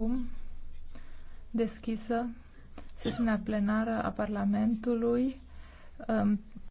acum deschisă sesiunea plenară a Parlamentului um,